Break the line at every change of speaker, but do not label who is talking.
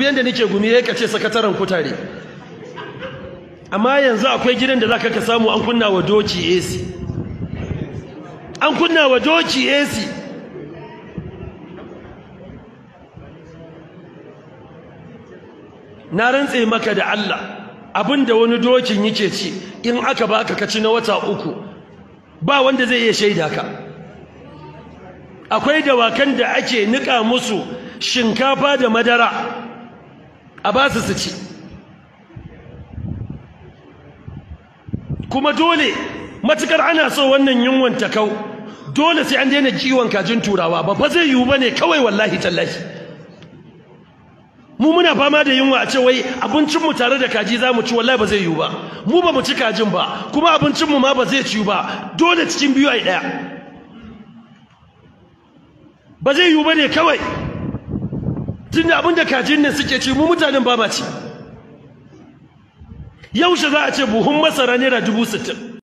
ku yadda nake gumi ya kace sakataren kutare amma yanzu akwai gidan da zaka ka samu an kunna wa doki AC an kunna wa doki AC na rantse maka da Allah abinda wani dokin yake ci in aka baka kaci na wata uku ba wanda zai iya shaida ka akwai dawakan da ake nika musu shinkafa da madara a ba su su ci kuma dole matukar ana so wannan yunwan ta kau dole sai an daina kiwon kajin turawa ba ba zai yiwu ba ne kawai wallahi tallahi mu muna fama da yunwa a ce wai abincinmu tare da kaji za mu ci wallahi ba zai yiwu ba mu ba mu ci kajin ba kuma abincinmu ma ba zai ciwu ba dole cikin biyu a daya ba zai yiwu ba ne kawai abin da kajin nan suke ci mu mutanen ba ma ci yaushe za a ce buhun masara
naira dubu sittin